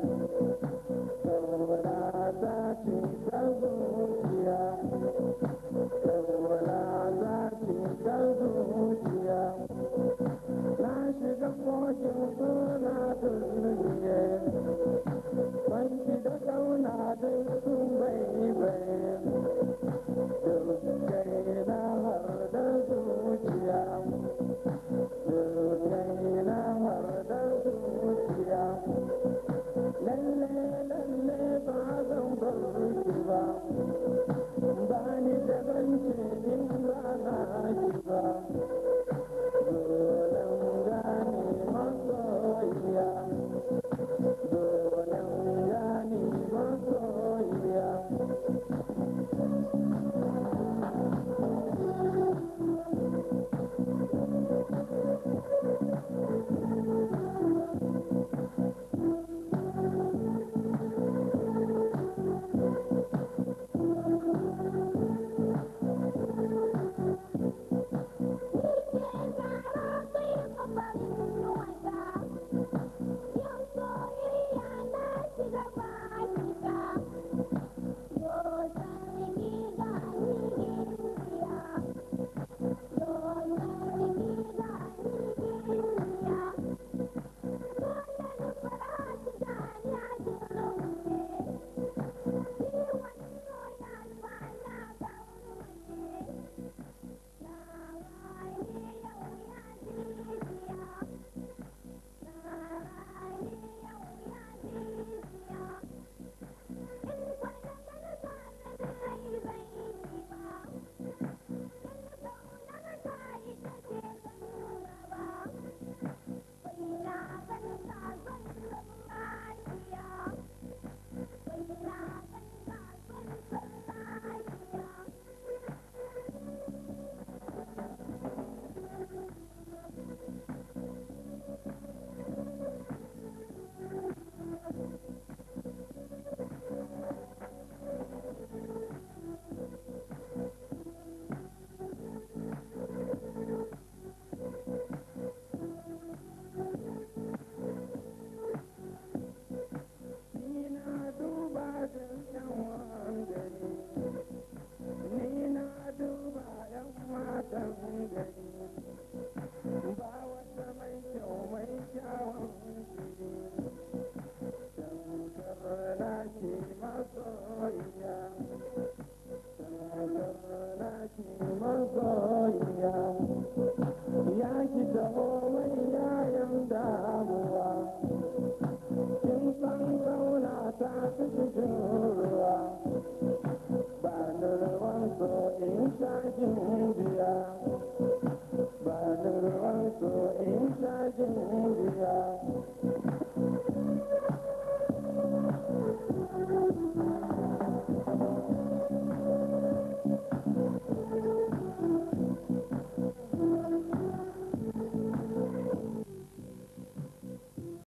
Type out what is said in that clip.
Thank you. Thank you. in sarkin indiya ba da ruwan so in sarkin